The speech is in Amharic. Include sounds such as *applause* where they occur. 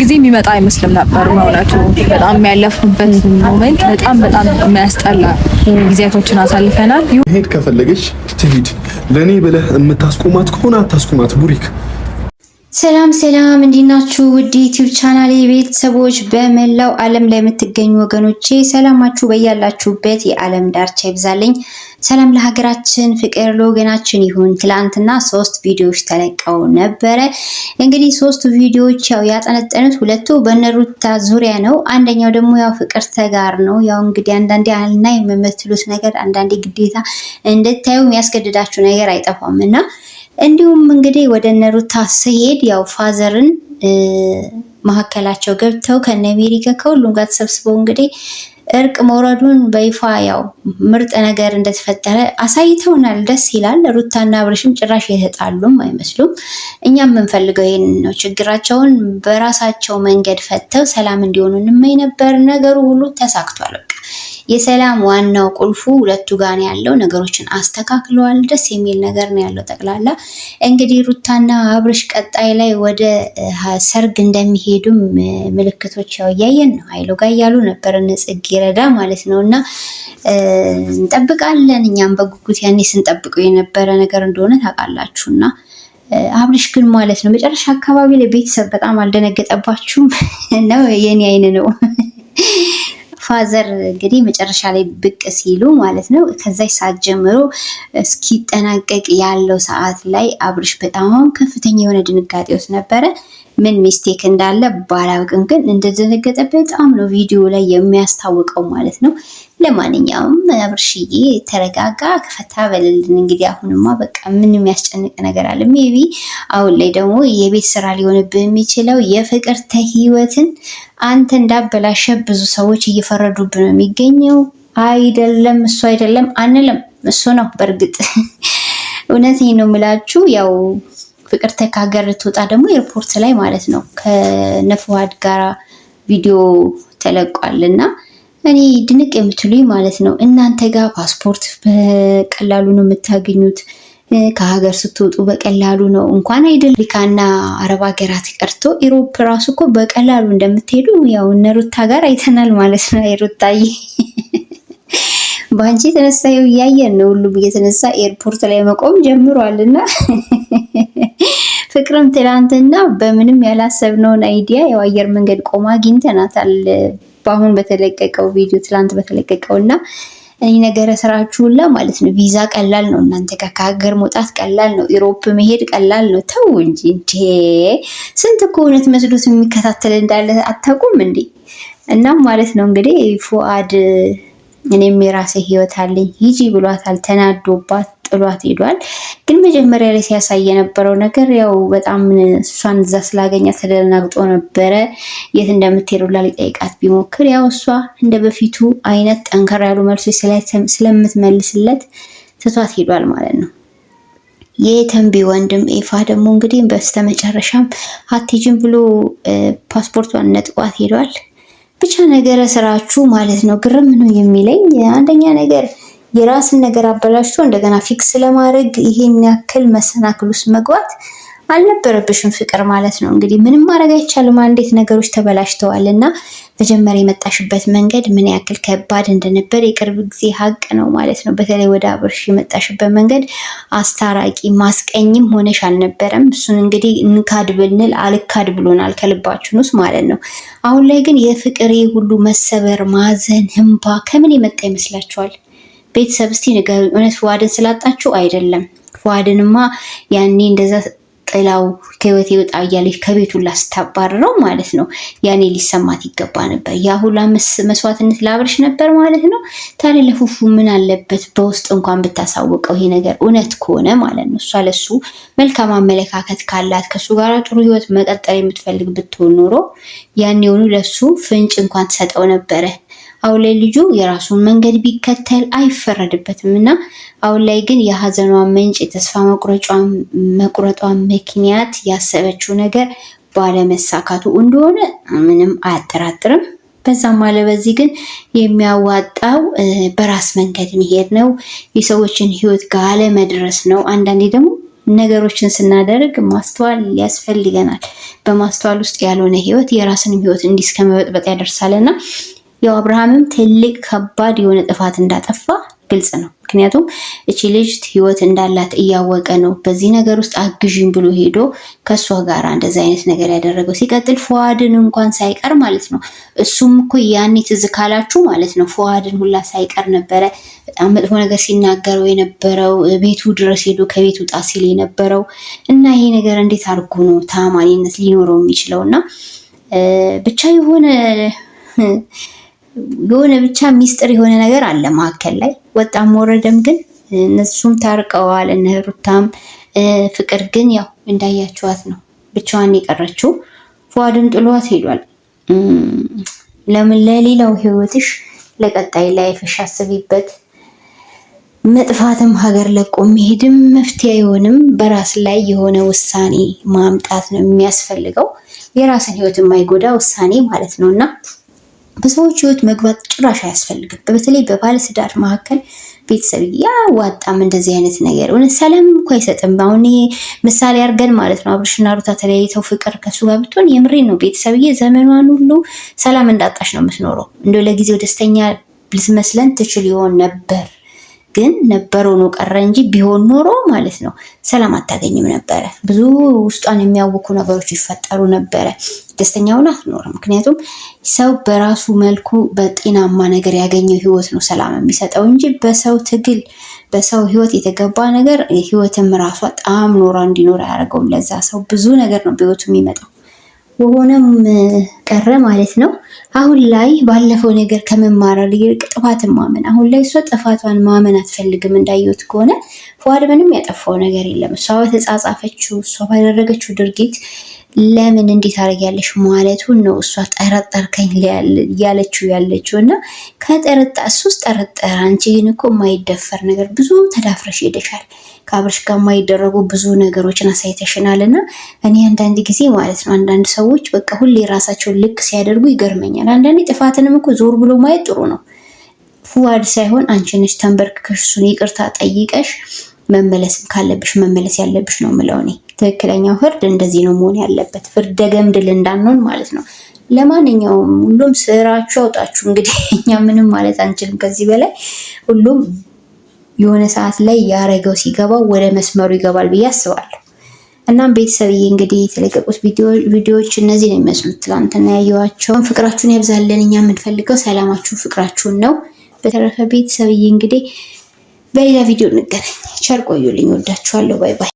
ጊዜ የሚመጣ አይመስልም ነበር በእውነቱ። በጣም የሚያለፍንበት ሞመንት በጣም በጣም የሚያስጠላ ጊዜያቶችን አሳልፈናል። ሄድ ከፈለገች ትሂድ። ለእኔ ብለህ የምታስቆማት ከሆነ አታስቆማት ቡሪክ ሰላም ሰላም እንዲናችሁ ውድ ዩቲዩብ ቻናል ቤተሰቦች በመላው ዓለም ላይ የምትገኙ ወገኖቼ ሰላማችሁ በያላችሁበት የዓለም ዳርቻ ይብዛልኝ። ሰላም ለሀገራችን፣ ፍቅር ለወገናችን ይሁን። ትላንትና ሶስት ቪዲዮዎች ተለቀው ነበረ። እንግዲህ ሶስቱ ቪዲዮዎች ያው ያጠነጠኑት ሁለቱ በነሩታ ዙሪያ ነው። አንደኛው ደግሞ ያው ፍቅርተ ጋር ነው። ያው እንግዲህ አንዳንዴ አልና የምትሉት ነገር አንዳንዴ ግዴታ እንድታዩ የሚያስገድዳችሁ ነገር አይጠፋም እና እንዲሁም እንግዲህ ወደ ነሩታ ስሄድ ያው ፋዘርን መካከላቸው ገብተው ከነ አሜሪካ ከሁሉም ጋር ተሰብስበው እንግዲህ እርቅ መውረዱን በይፋ ያው ምርጥ ነገር እንደተፈጠረ አሳይተውናል። ደስ ይላል። ሩታና አብርሽም ጭራሽ የተጣሉም አይመስሉም። እኛም የምንፈልገው ይህን ነው። ችግራቸውን በራሳቸው መንገድ ፈተው ሰላም እንዲሆኑ እንመኝ ነበር። ነገሩ ሁሉ ተሳክቷል። በቃ የሰላም ዋናው ቁልፉ ሁለቱ ጋር ያለው ነገሮችን አስተካክለዋል። ደስ የሚል ነገር ነው ያለው ጠቅላላ። እንግዲህ ሩታና አብርሽ ቀጣይ ላይ ወደ ሰርግ እንደሚሄዱም ምልክቶች ያው እያየን ነው። ሀይሎ ጋር እያሉ ነበር ጽጌ ረዳ ማለት ነው እና እንጠብቃለን። እኛም በጉጉት ያኔ ስንጠብቀው የነበረ ነገር እንደሆነ ታውቃላችሁ እና አብርሽ ግን ማለት ነው መጨረሻ አካባቢ ለቤተሰብ በጣም አልደነገጠባችሁም? *laughs* ነው የኔ አይን ነው። ፋዘር እንግዲህ መጨረሻ ላይ ብቅ ሲሉ ማለት ነው ከዛች ሰዓት ጀምሮ እስኪጠናቀቅ ያለው ሰዓት ላይ አብርሽ በጣም ከፍተኛ የሆነ ድንጋጤ ውስጥ ነበረ። ምን ሚስቴክ እንዳለ ባላውቅም ግን እንደደነገጠ በጣም ነው ቪዲዮ ላይ የሚያስታውቀው ማለት ነው። ለማንኛውም አብርሽዬ ተረጋጋ፣ ከፈታ በልልን። እንግዲህ አሁንማ በቃ ምን የሚያስጨንቅ ነገር አለ? ሜቢ አሁን ላይ ደግሞ የቤት ስራ ሊሆንብህ የሚችለው የፍቅርተ ህይወትን አንተ እንዳበላሸ ብዙ ሰዎች እየፈረዱብህ ነው የሚገኘው። አይደለም እሱ አይደለም አንልም፣ እሱ ነው በእርግጥ *laughs* እውነት ነው የምላችሁ ያው ፍቅርተ ከሀገር ልትወጣ ደግሞ ኤርፖርት ላይ ማለት ነው ከነፍዋድ ጋር ቪዲዮ ተለቋል እና እኔ ድንቅ የምትሉኝ ማለት ነው እናንተ ጋር ፓስፖርት በቀላሉ ነው የምታገኙት። ከሀገር ስትወጡ በቀላሉ ነው እንኳን አይደል አፍሪካና አረብ ሀገራት ቀርቶ ኢሮፕ ራሱ እኮ በቀላሉ እንደምትሄዱ ያው እነ ሩታ ጋር አይተናል ማለት ነው። ሩታዬ በአንቺ የተነሳ እያየን ነው ሁሉም እየተነሳ ኤርፖርት ላይ መቆም ጀምሯል እና ፍቅርም ትላንትና በምንም ያላሰብነውን አይዲያ ያው አየር መንገድ ቆማ አግኝተናታል። በአሁን በተለቀቀው ቪዲዮ ትናንት በተለቀቀው እና እኔ ነገረ ስራችሁላ ሁላ ማለት ነው። ቪዛ ቀላል ነው እናንተ ጋር ከሀገር መውጣት ቀላል ነው። ኢሮፕ መሄድ ቀላል ነው። ተው እንጂ እንዴ! ስንት እኮ እውነት መስሎት የሚከታተል እንዳለ አታውቁም እንዴ? እናም ማለት ነው እንግዲህ ፉአድ እኔም የራሴ ህይወት አለኝ ሂጂ ብሏታል ተናዶባት ጥሏት ሄዷል። ግን መጀመሪያ ላይ ሲያሳይ የነበረው ነገር ያው በጣም እሷን እዛ ስላገኛት ተደናግጦ ነበረ። የት እንደምትሄድ ሁላ ሊጠይቃት ቢሞክር ያው እሷ እንደ በፊቱ አይነት ጠንከር ያሉ መልሶች ስለምትመልስለት ትቷት ሄዷል ማለት ነው። የተንቢ ወንድም ኤፋ ደግሞ እንግዲህ በስተመጨረሻም አትሄጂም ብሎ ፓስፖርቷን ነጥቋት ሄዷል። ብቻ ነገረ ስራችሁ ማለት ነው። ግርም ነው የሚለኝ አንደኛ ነገር የራስን ነገር አበላሽቶ እንደገና ፊክስ ለማድረግ ይሄን ያክል መሰናክል ውስጥ መግባት አልነበረብሽም ፍቅር ማለት ነው። እንግዲህ ምንም ማድረግ አይቻልም። እንዴት ነገሮች ተበላሽተዋል እና መጀመሪያ የመጣሽበት መንገድ ምን ያክል ከባድ እንደነበር የቅርብ ጊዜ ሀቅ ነው ማለት ነው። በተለይ ወደ አብርሽ የመጣሽበት መንገድ አስታራቂ ማስቀኝም ሆነሽ አልነበረም። እሱን እንግዲህ እንካድ ብንል አልካድ ብሎናል ከልባችን ውስጥ ማለት ነው። አሁን ላይ ግን የፍቅሬ ሁሉ መሰበር፣ ማዘን፣ ህንባ ከምን የመጣ ይመስላችኋል? ቤተሰብ እስቲ ንገሩኝ፣ እውነት ፍዋድን ስላጣችሁ አይደለም? ፍዋድንማ ያኔ እንደዛ ጥላው ከህይወቴ ይወጣ እያለች ከቤቱ ላስታባረረው ማለት ነው። ያኔ ሊሰማት ይገባ ነበር። ያ ሁላ መስዋዕትነት ላብርሽ ነበር ማለት ነው። ታዲያ ለፉፉ ምን አለበት በውስጥ እንኳን ብታሳውቀው ይሄ ነገር እውነት ከሆነ ማለት ነው። እሷ ለሱ መልካም አመለካከት ካላት ከሱ ጋር ጥሩ ህይወት መቀጠል የምትፈልግ ብትሆን ኖሮ ያኔውኑ ለሱ ፍንጭ እንኳን ትሰጠው ነበረ። አሁን ላይ ልጁ የራሱን መንገድ ቢከተል አይፈረድበትም እና አሁን ላይ ግን የሀዘኗ ምንጭ የተስፋ መቁረጧ ምክንያት ያሰበችው ነገር ባለመሳካቱ እንደሆነ ምንም አያጠራጥርም። በዛም አለ በዚህ ግን የሚያዋጣው በራስ መንገድ መሄድ ነው፣ የሰዎችን ህይወት ጋለ መድረስ ነው። አንዳንዴ ደግሞ ነገሮችን ስናደርግ ማስተዋል ያስፈልገናል። በማስተዋል ውስጥ ያልሆነ ህይወት የራስንም ህይወት እንዲህ እስከ መበጥበጥ ያደርሳልና ያው አብርሃምም ትልቅ ከባድ የሆነ ጥፋት እንዳጠፋ ግልጽ ነው። ምክንያቱም እቺ ልጅ ህይወት እንዳላት እያወቀ ነው በዚህ ነገር ውስጥ አግዥኝ ብሎ ሄዶ ከእሷ ጋር እንደዚ አይነት ነገር ያደረገው። ሲቀጥል ፎዋድን እንኳን ሳይቀር ማለት ነው። እሱም እኮ ያኔ ትዝ ካላችሁ ማለት ነው ፎዋድን ሁላ ሳይቀር ነበረ በጣም መጥፎ ነገር ሲናገረው የነበረው ቤቱ ድረስ ሄዶ ከቤት ውጣ ሲል የነበረው እና ይሄ ነገር እንዴት አድርጎ ነው ታማኒነት ሊኖረው የሚችለው? እና ብቻ የሆነ የሆነ ብቻ ሚስጥር የሆነ ነገር አለ መካከል ላይ ወጣም ወረደም ግን እነሱም ታርቀዋል። እነ ሩታም ፍቅር ግን ያው እንዳያችኋት ነው ብቻዋን የቀረችው። ፏድም ጥሏት ሄዷል። ለምን ለሌላው ህይወትሽ ለቀጣይ ላይፍሽ አስቢበት። መጥፋትም ሀገር ለቆ መሄድም መፍትሄ አይሆንም። በራስ ላይ የሆነ ውሳኔ ማምጣት ነው የሚያስፈልገው። የራስን ህይወት የማይጎዳ ውሳኔ ማለት ነው እና በሰዎች ህይወት መግባት ጭራሽ አያስፈልግም። በተለይ በባለትዳር መካከል ቤተሰብ ያዋጣም እንደዚህ አይነት ነገር እውነት ሰላም እኮ አይሰጥም። አሁን ይሄ ምሳሌ አድርገን ማለት ነው አብርሽና ሩታ ተለያይተው ፍቅር ከሱ ጋር ብትሆን የምሬ ነው ቤተሰብዬ፣ ዘመኗን ሁሉ ሰላም እንዳጣሽ ነው የምትኖረው። እንደ ለጊዜው ደስተኛ ልትመስለን ትችል ይሆን ነበር። ግን ነበር ሆኖ ቀረ እንጂ ቢሆን ኖሮ ማለት ነው ሰላም አታገኝም ነበረ። ብዙ ውስጧን የሚያውኩ ነገሮች ይፈጠሩ ነበረ። ደስተኛ ሆና አትኖርም። ምክንያቱም ሰው በራሱ መልኩ በጤናማ ነገር ያገኘው ህይወት ነው ሰላም የሚሰጠው እንጂ በሰው ትግል፣ በሰው ህይወት የተገባ ነገር ህይወትም ራሷ ጣም ኖሯ እንዲኖር አያደርገውም። ለዛ ሰው ብዙ ነገር ነው በህይወቱ የሚመጣው። በሆነም ቀረ ማለት ነው። አሁን ላይ ባለፈው ነገር ከመማረር ይልቅ ጥፋትን ማመን፣ አሁን ላይ እሷ ጥፋቷን ማመን አትፈልግም። እንዳየሁት ከሆነ ፏድ ምንም ያጠፋው ነገር የለም። እሷ በተጻጻፈችው እሷ ባደረገችው ድርጊት ለምን እንዴት አደርጊያለሽ ማለቱን ነው እሷ ጠረጠርከኝ እያለችው ያለችው እና ከጠረጣ እሱስ ጠረጠረ። አንቺ ግን እኮ የማይደፈር ነገር ብዙ ተዳፍረሽ ሄደሻል። ከአብረሽ ጋር የማይደረጉ ብዙ ነገሮችን አሳይተሽናል። እና እኔ አንዳንድ ጊዜ ማለት ነው አንዳንድ ሰዎች በቃ ሁሌ ራሳቸውን ልክ ሲያደርጉ ይገርመኛል። አንዳንዴ ጥፋትንም እኮ ዞር ብሎ ማየት ጥሩ ነው። ፉዋድ ሳይሆን አንቺንሽ ነሽ ተንበርክከሽ እሱን ይቅርታ ጠይቀሽ መመለስም ካለብሽ መመለስ ያለብሽ ነው የምለው እኔ። ትክክለኛው ፍርድ እንደዚህ ነው መሆን ያለበት። ፍርደ ገምድል እንዳንሆን ማለት ነው። ለማንኛውም ሁሉም ስራችሁ አውጣችሁ። እንግዲህ *laughs* እኛ ምንም ማለት አንችልም ከዚህ በላይ ሁሉም የሆነ ሰዓት ላይ ያረገው ሲገባው ወደ መስመሩ ይገባል ብዬ አስባለሁ። እናም ቤተሰብዬ እንግዲህ የተለቀቁት ቪዲዮዎች እነዚህ ነው የሚመስሉት። ትላንትና ያየኋቸውን ፍቅራችሁን ያብዛለን። እኛ የምንፈልገው ሰላማችሁ ፍቅራችሁን ነው። በተረፈ ቤተሰብዬ እንግዲህ በሌላ ቪዲዮ እንገናኝ። ቸር ቆዩልኝ። ወዳችኋለሁ። ባይ ባይ።